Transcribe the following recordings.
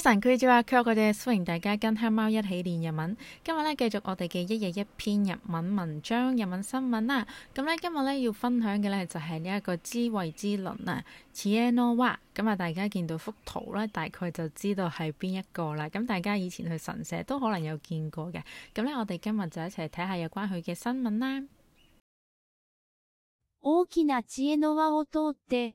大家好，我哋歡迎大家跟黑貓一起練日文。今日咧，繼續我哋嘅一日一篇日文文章、日文新聞啦。咁咧，今日咧要分享嘅咧就係呢一個智慧之輪啊，知恵の輪。咁啊，大家見到幅圖咧，大概就知道係邊一個啦。咁大家以前去神社都可能有見過嘅。咁咧，我哋今日就一齊睇下有關佢嘅新聞啦。大きな知恵の輪を通って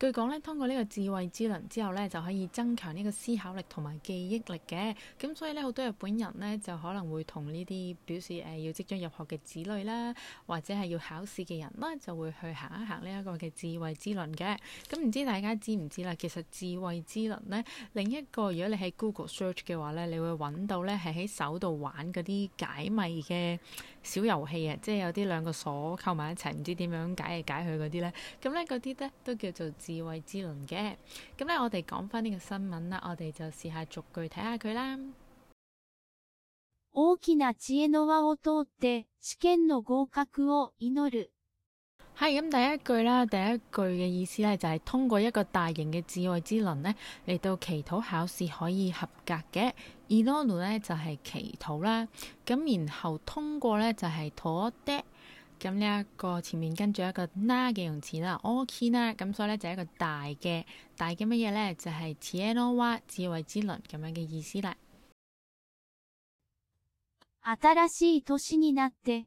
據講咧，通過呢個智慧之輪之後咧，就可以增強呢個思考力同埋記憶力嘅。咁所以咧，好多日本人咧就可能會同呢啲表示誒要即將入學嘅子女啦，或者係要考試嘅人啦，就會去行一行呢一個嘅智慧之輪嘅。咁、嗯、唔知大家知唔知啦？其實智慧之輪咧，另一個如果你喺 Google search 嘅話咧，你會揾到咧係喺手度玩嗰啲解謎嘅。小遊戲啊，即係有啲兩個鎖扣埋一齊，唔知點樣解嚟解去嗰啲咧。咁咧嗰啲咧都叫做智慧之輪嘅。咁咧我哋講翻呢個新聞啦，我哋就試下逐句睇下佢啦。大きな係咁第一句啦，第一句嘅意思咧就係通過一個大型嘅智慧之輪呢嚟到祈禱考試可以合格嘅。イノル咧就係祈禱啦，咁然後通過呢，就係トーテ，咁呢一個前面跟住一個ナ嘅用詞啦，オキナ呢，咁所以呢，就係一個大嘅大嘅乜嘢呢？就係チエノワ智慧之輪咁樣嘅意思啦。新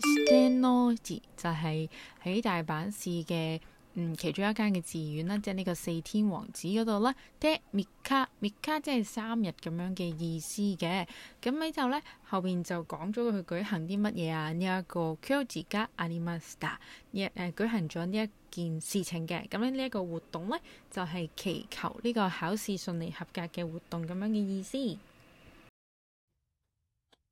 Stan Lodge 就係喺大阪市嘅嗯其中一間嘅寺院啦，即係呢個四天王寺嗰度啦。Mikka, Mikka 即係三日咁樣嘅意思嘅。咁咧就咧後邊就講咗佢舉行啲乜嘢啊？呢一個 Curge Animasta 亦誒舉行咗呢一件事情嘅。咁咧呢一個活動咧就係、是、祈求呢個考試順利合格嘅活動咁樣嘅意思。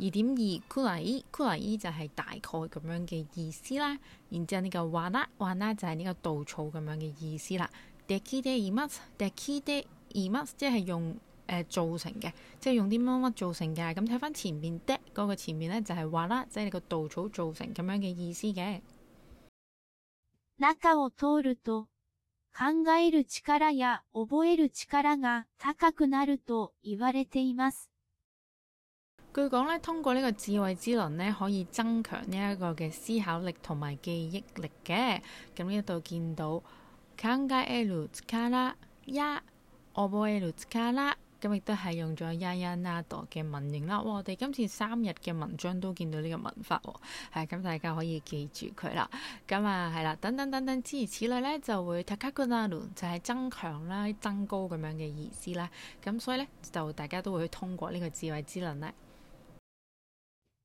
二點二，くらい，くらい就係大概咁樣嘅意思啦。然之後呢個わら，わら就係呢個稻草咁樣嘅意思啦。できています，できています即係用誒造成嘅，即係用啲乜乜造成嘅。咁睇返前面で嗰個前面咧，就係わら，即係個稻草造成咁樣嘅意思嘅。.據講咧，通過呢個智慧之輪咧，可以增強呢一個嘅思考力同埋記憶力嘅。咁呢一度見到卡加埃魯斯卡拉呀，阿波埃魯斯卡拉，咁亦都係用咗呀呀那朵嘅文型啦。我哋今次三日嘅文章都見到呢個文法，哦，係咁大家可以記住佢啦。咁啊，係啦，等等等等，諸如此類咧，就會塔卡古那輪就係、是、增強啦、增高咁樣嘅意思啦。咁所以咧，就大家都會去通過呢個智慧之輪咧。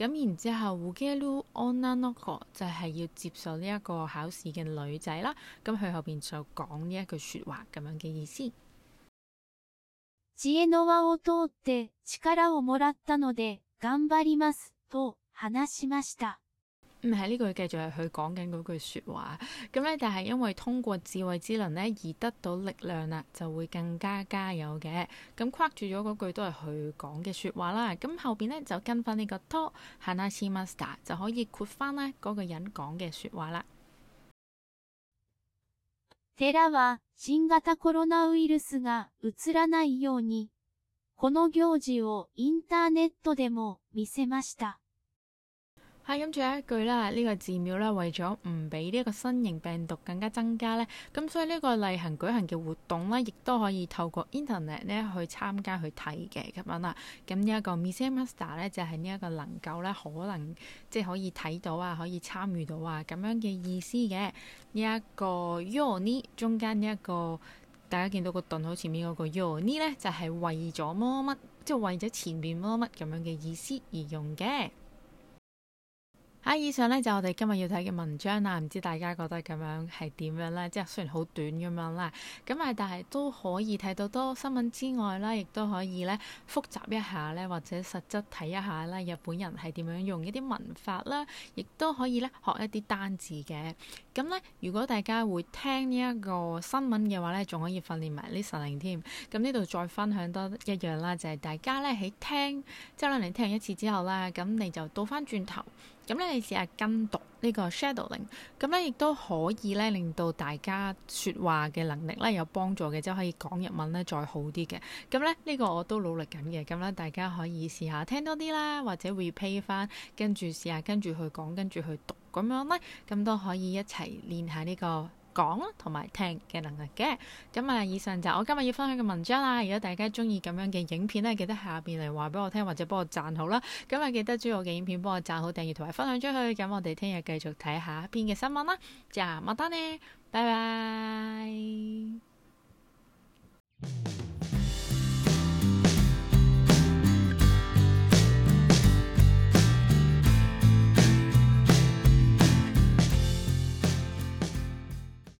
咁然之後，受ける女の子就係要接受呢一個考試嘅女仔啦。咁佢後邊就講呢一句説話咁樣嘅意思。知恵の輪を通って力をもらったので頑張ります、と話しました。唔係，呢句繼續係佢講緊嗰句説話，咁咧，但係因為通過智慧之輪咧而得到力量啦，就會更加加油嘅。咁、嗯、括住咗嗰句都係佢講嘅説話啦。咁、嗯、後邊咧就跟翻呢、呢個と，話しました就可以括翻呢嗰個人講嘅説話啦。係咁，仲有一句啦。呢、呢個寺廟咧，為咗唔俾呢一個新型病毒更加增加咧，咁所以呢個例行舉行嘅活動咧，亦都可以透過 Internet 咧去參加去睇嘅咁樣啦。咁呢一個 Mise Master 咧，就係呢一個能夠咧可能即係、即係、可以睇到啊，可以參與到啊咁樣嘅意思嘅呢一個 Yoni 中間呢、呢、一個大家見到個盾，好前面嗰個 Yoni 咧，就係、係、為咗乜乜，即係為咗前面乜乜咁樣嘅意思而用嘅。以上咧就我哋今日要睇嘅文章啦，唔知大家覺得咁樣係點樣咧？即係雖然好短咁樣啦，咁啊但係都可以睇到多新聞之外啦，亦都可以咧複習一下咧，或者實質睇一下啦。日本人係點樣用一啲文法啦？亦都可以咧學一啲單字嘅。咁咧，如果大家會聽呢一個新聞嘅話咧，仲可以訓練埋 listening 添。咁呢度再分享多一樣啦，就係、是、大家咧喺聽，即係兩年聽一次之後啦，咁你就倒翻轉頭。咁咧。試下跟讀呢個 shadowing，咁咧亦都可以咧令到大家說話嘅能力咧有幫助嘅，之後可以講日文咧再好啲嘅。咁咧呢個我都努力緊嘅，咁咧大家可以試下聽多啲啦，或者 repeat 翻，跟住試下跟住去講，跟住去讀，咁樣咧咁都可以一齊練下呢個。講同埋聽嘅能力嘅，咁啊，以上就我今日要分享嘅文章啦。如果大家中意咁樣嘅影片呢，記得下邊嚟話俾我聽，或者幫我讚好啦。咁日記得中意我嘅影片，幫我讚好，訂閱同埋分享出去。咁我哋聽日繼續睇下一篇嘅新聞啦。じゃあまたね，拜拜。